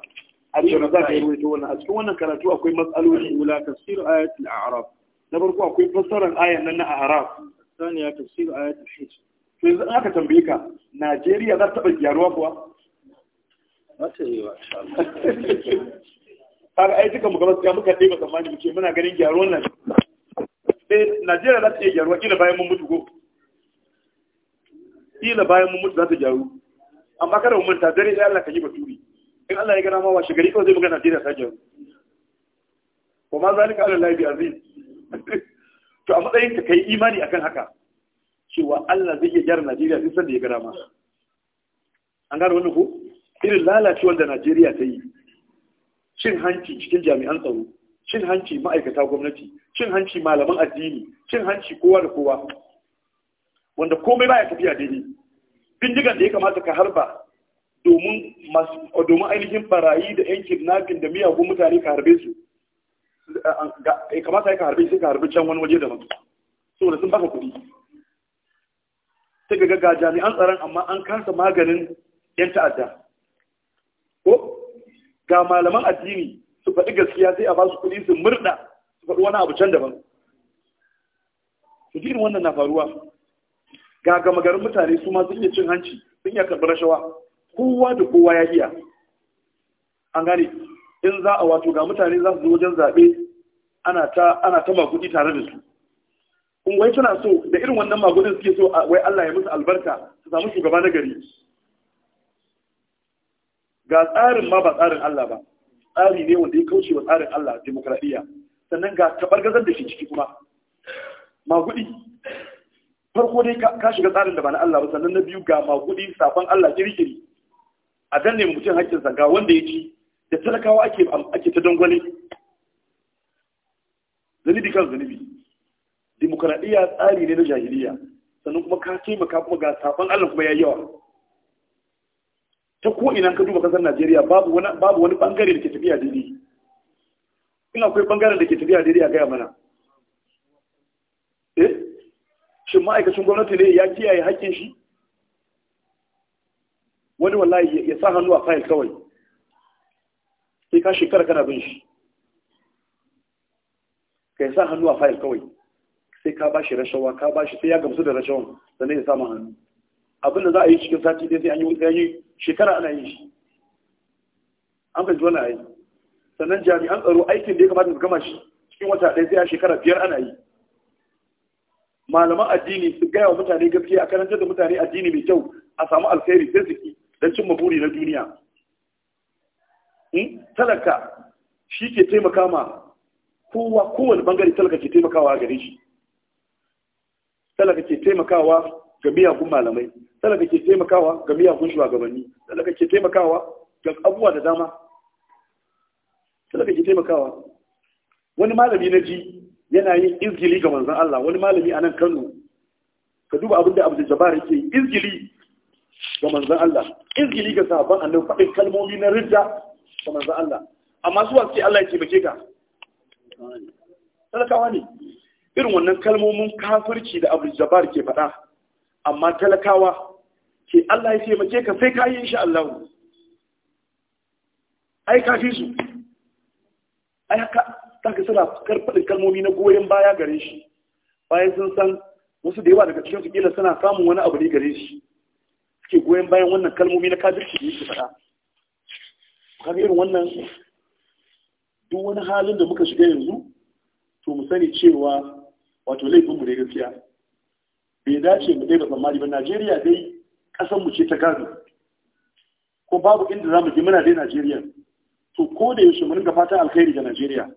abdurrazzaq ya rawaito wannan a cikin wannan karatu akwai matsaloli ula tafsir ayat na Arab. na farko akwai fassarar ayat nan na a'raf saniya tafsir ayat na hijr to yanzu aka tambaye ka Najeriya za ta taba gyaruwa kuwa wata yi wa insha Allah ai duka muka basu muka dai ba tsammani muke muna ganin gyaruwan nan eh, Najeriya za ta iya gyaruwa Ina bayan mun mutu ko kila bayan mun mutu za ta jaru. amma kada mun manta dare sai Allah ka yi baturi in Allah ya gana ma washe gari kawai zai magana Najeriya ta jaru? wa ma zalika ala lahi bi aziz to a matsayin ka kai imani akan haka cewa Allah zai iya gyara Najeriya sai sanda ya gana ma an gane wannan ko irin lalacewar da Najeriya ta yi cin hanci cikin jami'an tsaro cin hanci ma'aikata gwamnati cin hanci malaman addini cin hanci kowa da kowa wanda komai baya tafiya daidai bindigan da ya kamata ka harba domin domin ainihin barayi da yan kidnapping da miyagun mutane ka harbe su ya kamata ya ka harbe su ka harbe can wani waje daban saboda sun baka kuɗi sai ga jami'an tsaron amma an kasa maganin yan ta'adda ko ga malaman addini su faɗi gaskiya sai a ba su kuɗi su murɗa su faɗi wani abu can daban su jirin wannan na faruwa ga gama garin mutane su ma sun iya cin hanci sun iya karɓar rashawa kowa da kowa ya iya an gane in za a wato ga mutane za su zo wajen zaɓe ana ta magudi tare da su in wai tana so da irin wannan magudin suke so wai Allah ya musu albarka su samu shugaba na gari ga tsarin ma ba tsarin Allah ba tsari ne wanda ya kauce wa tsarin Allah demokradiyya sannan ga tabargazar da shi ciki kuma magudi farko dai ka shiga tsarin da ba na Allah ba sannan na biyu ga magudi safan Allah kirkiri a ne mutum hakkin ga wanda ya ci da talakawa ake ake ta dangwale zanibi kan zanibi demokradiyya tsari ne na jahiliya sannan kuma ka taimaka kuma ga safan Allah kuma yayi yawa ta ko ina ka duba kasar Najeriya babu wani babu wani bangare da ke tafiya daidai ina akwai bangaren da ke tafiya daidai a gaya mana shin ma'aikacin gwamnati ne ya kiyaye haƙƙin shi wani wallahi ya sa hannu a fayil kawai sai ka shekara kana bin shi ka sa hannu a fayil kawai sai ka bashi rashawa ka bashi sai ya gamsu da rashawan sannan ya samu hannu abinda za a yi cikin sati dai sai an yi yi shekara ana yi shi an fahimci wani yi. sannan jami'an tsaro aikin da ya kamata su gama shi cikin wata ɗaya sai a shekara biyar ana yi malaman addini su gaya wa mutane gaskiya a karantar da mutane addini mai kyau a samu alkhairi sai ziki don cin maburi na duniya hmm? talaka shi ke taimaka ma kowa kowane bangare talaka ke taimakawa a gare shi talaka ke taimakawa ga miyagun malamai talaka ke taimakawa ga miyagun shugabanni talaka ke taimakawa ga abubuwa da dama talaka ke taimakawa wani malami na ji yana yin izgili ga manzan Allah wani malami a nan Kano ka duba abin da Abdul Jabbar izgili ga manzan Allah izgili ga sahabban annabi faɗin kalmomi na ridda ga manzan Allah amma su ce Allah ya taimake ka talakawa ne irin wannan kalmomin kafirci da Abdul Jabbar ke faɗa amma talakawa ke Allah ya taimake ka sai ka yi insha Allah ai kafi su ai haka zaka suna faɗin kalmomi na goyon baya gare shi bayan sun san wasu da yawa daga cikin su kila suna samun wani abu ne gare shi suke goyon bayan wannan kalmomi na kafirci da yake faɗa kaga irin wannan duk wani halin da muka shiga yanzu to mu sani cewa wato laifin mu dai gaskiya bai dace mu dai da tsammani ba Najeriya dai kasan mu ce ta gado ko babu inda zamu je muna dai Najeriya to ko da yaushe mun rinka fatan alkhairi ga Najeriya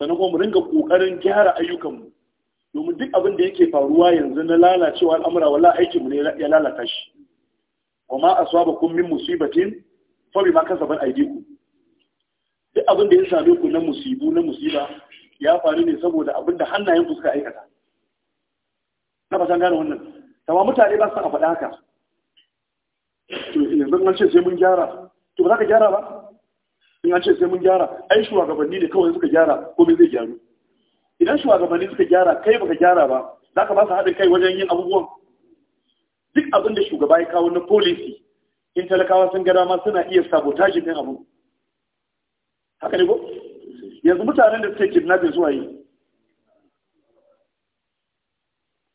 sannan kuma mu dinga kokarin gyara ayyukanmu domin duk abin da yake faruwa yanzu na lalacewa al'amura wala mu ne ya lalata shi wa ma aswabakum min musibatin fa ma kasaban aydikum duk abin da ya same ku na musibu na musiba ya faru ne saboda abin da hannayenku suka aikata na fatan gane wannan amma mutane ba su san a faɗa haka to yanzu an ce sai mun gyara to ba za ka gyara ba in an ce sai mun gyara ai shugabanni ne kawai suka gyara ko me zai gyaru idan shugabanni suka gyara kai baka gyara ba za ka ba su haɗin kai wajen yin abubuwan duk abin da shugaba ya kawo na policy in talakawa sun gada ma suna iya sabotajin ɗin abu haka ne ko yanzu mutanen da suke kidnapping suwaye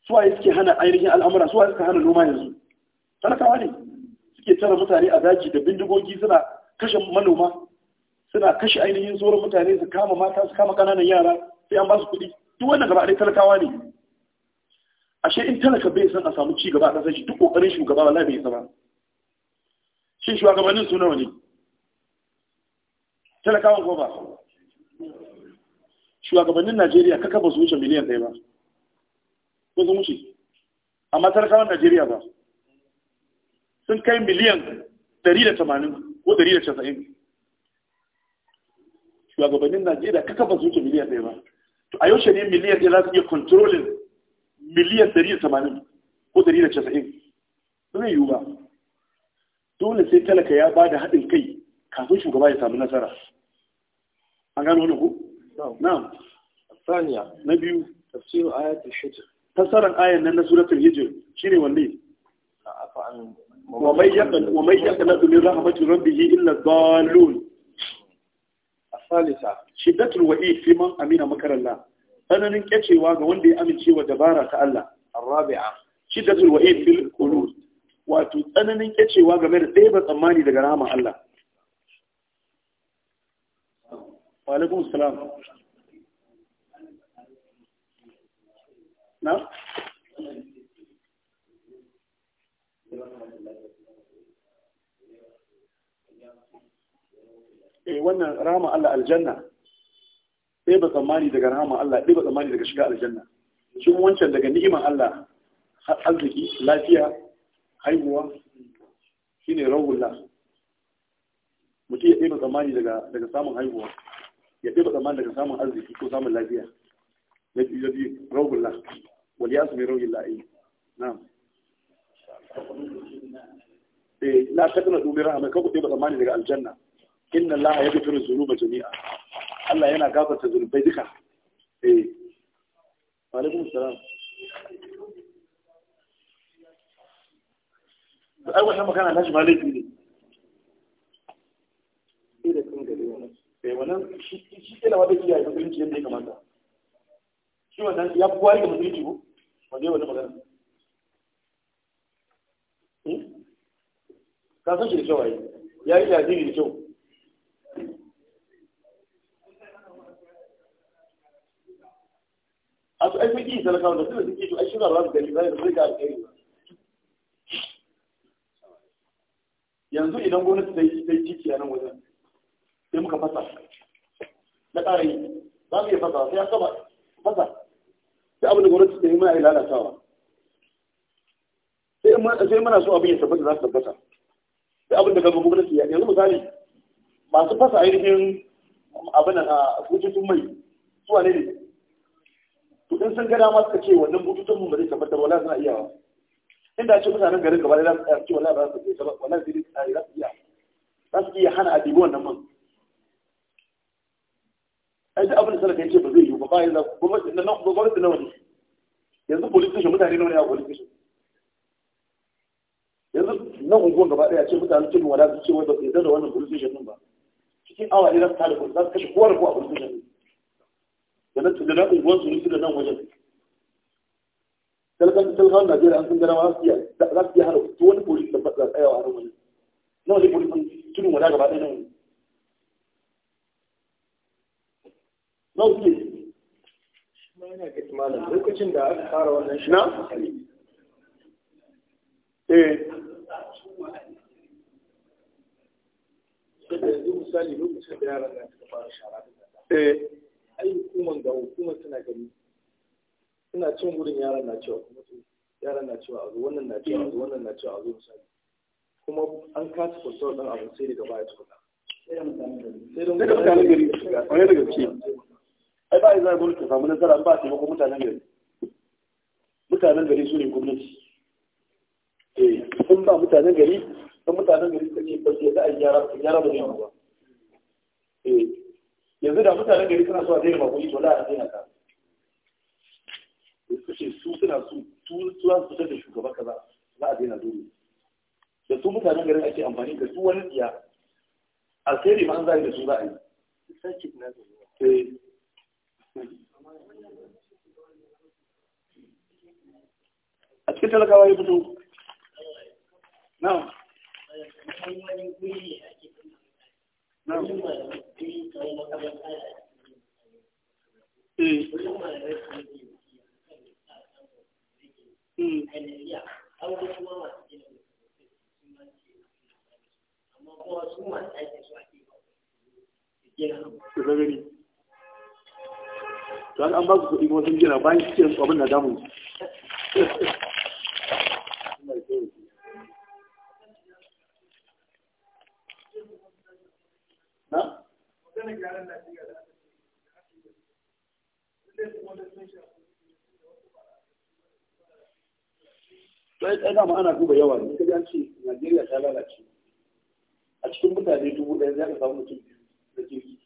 suwaye suke hana ainihin al'amura suwaye suka hana noma yanzu talakawa ne suke tara mutane a daji da bindigogi suna kashe manoma suna kashe ainihin tsoron mutane su kama mata su kama kananan yara sai an ba su kuɗi duk wannan gaba ɗaya talakawa ne ashe in talaka bai san a samu ci gaba a ƙasar shi duk ƙoƙarin shugaba wala bai isa ba shi shugabannin su nawa ne talakawan ko ba shugabannin najeriya kaka ba su wuce miliyan ɗaya ba ko sun wuce amma talakawan najeriya ba sun kai miliyan da tamanin ko da casa'in. shugabannin najeriya kaka ba su wuce miliyan ɗaya ba to a yaushe ne miliyan ɗaya za su iya kontrolin miliyan ɗari da tamanin ko ɗari da casa'in zai yiwu ba dole sai talaka ya ba da haɗin kai kafin shugaba ya samu nasara an gano wani ku? na'am saniya na biyu tafsirin ayatul hijr fasaran ayan nan na suratul hijr shine wanne wa may yaqnatu min rahmati rabbih illa dallun salisa shiddatul wa'i fi man amina makaralla tsananin kyacewa ga wanda ya amince wa dabara ta Allah arabi'a shiddatul wa'i fil qulub wato tsananin kyacewa game da ɗaya ba tsammani daga rama Allah wa alaikum salam na Eh, wannan rahama Allah aljanna sai ba tsammani daga rahama Allah sai ba tsammani daga shiga aljanna shi wancan daga ni'iman Allah arziki lafiya haihuwa shine rawullah mutum ya ɗeba tsammani daga samun haihuwa ya ɗeba tsammani daga samun arziki ko samun lafiya na biyu rawullah wani ya sami rawin la'ayi eh. na eh la takna dubi rahama kaku ɗeba tsammani daga aljanna inna Allah ya gafiru zunuba jami'a Allah yana gafarta zunubai duka eh wa alaikum salam ai wannan magana na shi ma laifi ne sai da kan gari wannan sai eh, wannan shi shi kila wanda kiyaye musulunci yadda ya kamata shi wannan ya fi kwari da musulunci ko wanda wannan magana hmm? ka san shi da kyau ai ya yi yaji da kyau a su suna suke yanzu idan gwamnati ta yi ta ciki a nan wajen sai muka fasa na ƙara yi za mu iya fasa sai an gaba fasa sai abin da gwamnati ta yi muna yi lalatawa sai muna so abin ya tabbata za su tabbata sai abin da gaba gwamnati ya yanzu misali masu fasa ainihin abin a hututun mai suwa ne ne kudin sun gada ma suka ce wannan bututun mu ba zai tabbatar wala suna iyawa inda ce mutanen garin gaba da su ce wala za su ce wala zai dai za su iya za su iya hana adibi wannan man ai duk abin da salaka ce ba zai yi ba ba yanzu gwamnati na nan gwamnati na wani yanzu police station mutane nawa ne a police station yanzu nan unguwan gaba daya ce mutane cikin wala su ce wai ba su yarda da wannan police station din ba cikin awa ne za su tare tada za su kashe kowa da kowa a police station da na da na unguwar su nufi da nan wajen talkan talkan najeriya an sun gara ma za su iya hana wani polis da ba tsayawa har wajen nawa wani polis sun tunin wada gaba ɗaya nan Na nawa suke lokacin da aka fara wannan shi na eh yanzu misali lokacin da yaran da suka fara shara da ai hukuman ga hukuma suna gani suna cin gudun yaran na cewa kuma yaran na cewa a zo wannan na cewa a zo wannan na cewa a zo misali kuma an kasa kwastar ɗan abu sai daga baya tukuna sai da mutane gari kwaye daga gaske ai ba a yi zai gwamnati ta samu nasara ba a taimako mutanen gari mutanen gari su ne gwamnati sun eh, ba mutanen gari sun mutanen gari suka ce ba sai da an yara ba ne ba eh, yanzu da mutane gari suna so a ba kuli to da a daina ka suka ce su suna su su za su fitar da shugaba kaza za a daina dole da su mutanen garin ake amfani da su wani tsiya alkhairi ma an zai da su za a yi eh. a cikin talakawa ya fito na don eh. hmm. an ba su kuɗi wasu jira bayan cikin abin wannan gyaran Najeriya da aka ce da aka yi da su. sun sai ɗaya dama ana duba yawa ne kaji an ce najeriya ta lalace a cikin mutane dubu ɗaya za ka samu mutum da jirgi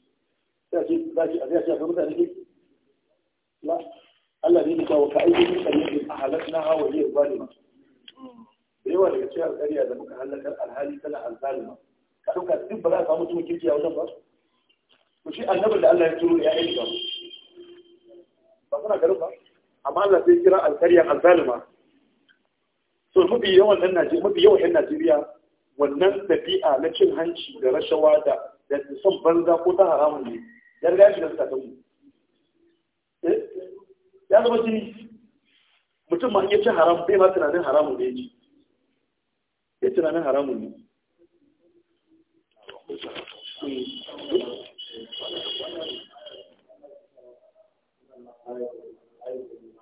za ce za ce a zai a akwai mutane jirgi ba Allah ne ya wa ka aiki ne kare ne a na hawa ne zalima da yawa daga cikin alƙariya da muka halakar alhali tana alzalima ka ɗauka duk ba za a samu mutum kirki a wajen ba ku shi annabin da Allah ya turo ya aika ba kuna garin ba amma Allah sai kira alkarya alzalima so mafi yawan nan Najeriya mafi yawan ɗan Najeriya wannan tafiya na cin hanci da rashawa da da son banza ko ta haramun ne ya riga ya shiga sakamu eh? ya zama jini mutum ma ya ci haram bai ma tunanin haramun ne. ya ci ya tunanin haramun ne hmm.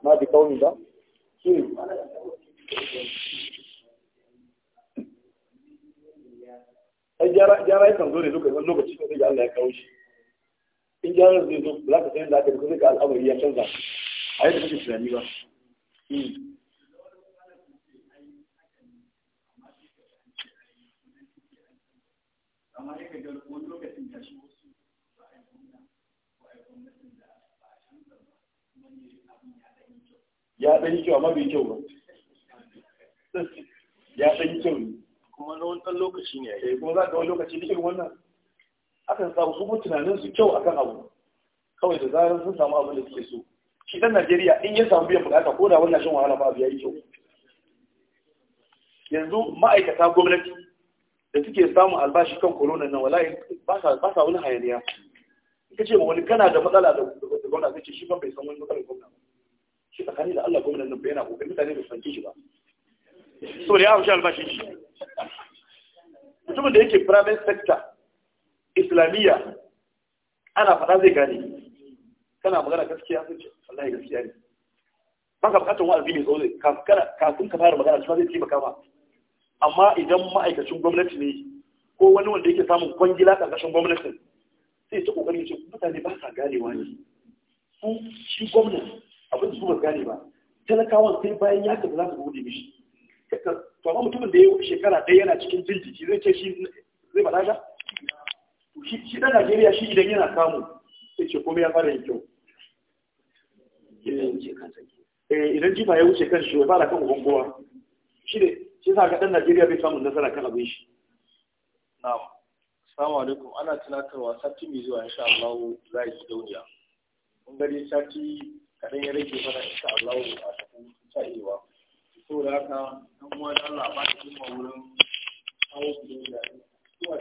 ma bi kauni ba kan zo ne lokaci Allah ya kawo shi in zai zo za ka da aka kuma al'amari ya canza a yadda kake tunani ba amma yake wani lokacin tashi ya ɗan yi kyau amma bai kyau ba ya ɗan yi kyau ne kuma na wani ɗan lokaci ne ya eh, kuma za ka wani lokaci da irin wannan akan samu su tunanin su kyau akan abu kawai da zarar sun samu abin da suke so shi ɗan Najeriya in ya samu biyan bukata ko da wannan shan wahala ba abu ya yi kyau yanzu ma'aikata gwamnati da suke samun albashi kan corona nan wallahi ba sa wani hayaniya ce ma wani kana da matsala da gwamnati ce shi ban bai san wani matsalar gwamnati shi tsakani da Allah gwamnan nufi yana kokarin mutane da sanke shi ba da ya haushi albashin shi mutumin da yake private sector islamiyya ana faɗa zai gane kana magana gaskiya sun ce wallahi gaskiya ne ba ka bukatar wa'azi mai tsoro kafin ka fara magana shi ma zai taimaka ba amma idan ma'aikacin gwamnati ne ko wani wanda yake samun kwangila ƙarƙashin gwamnatin sai ta ƙoƙarin ce mutane ba sa ganewa ne su shi gwamnati abin da su basu gane ba talakawan sai bayan ya tafi za su gode mishi to amma mutumin da ya shekara ɗaya yana cikin jin zai ce shi zai ba daga shi ɗan Najeriya shi idan yana samu sai ce komai ya fara yin kyau eh, idan jifa ya wuce kan shi ya fara kan uban kowa shi ne shi sa ga ɗan Najeriya bai samun nasara kan abin shi na'am assalamu alaikum ana tunatarwa sati mai zuwa insha Allah za a yi dauniya kun gari sati kaɗan ya rage mana insha Allah a cikin sa'iwa saboda haka dan uwa Allah ba da kuma wurin kawo da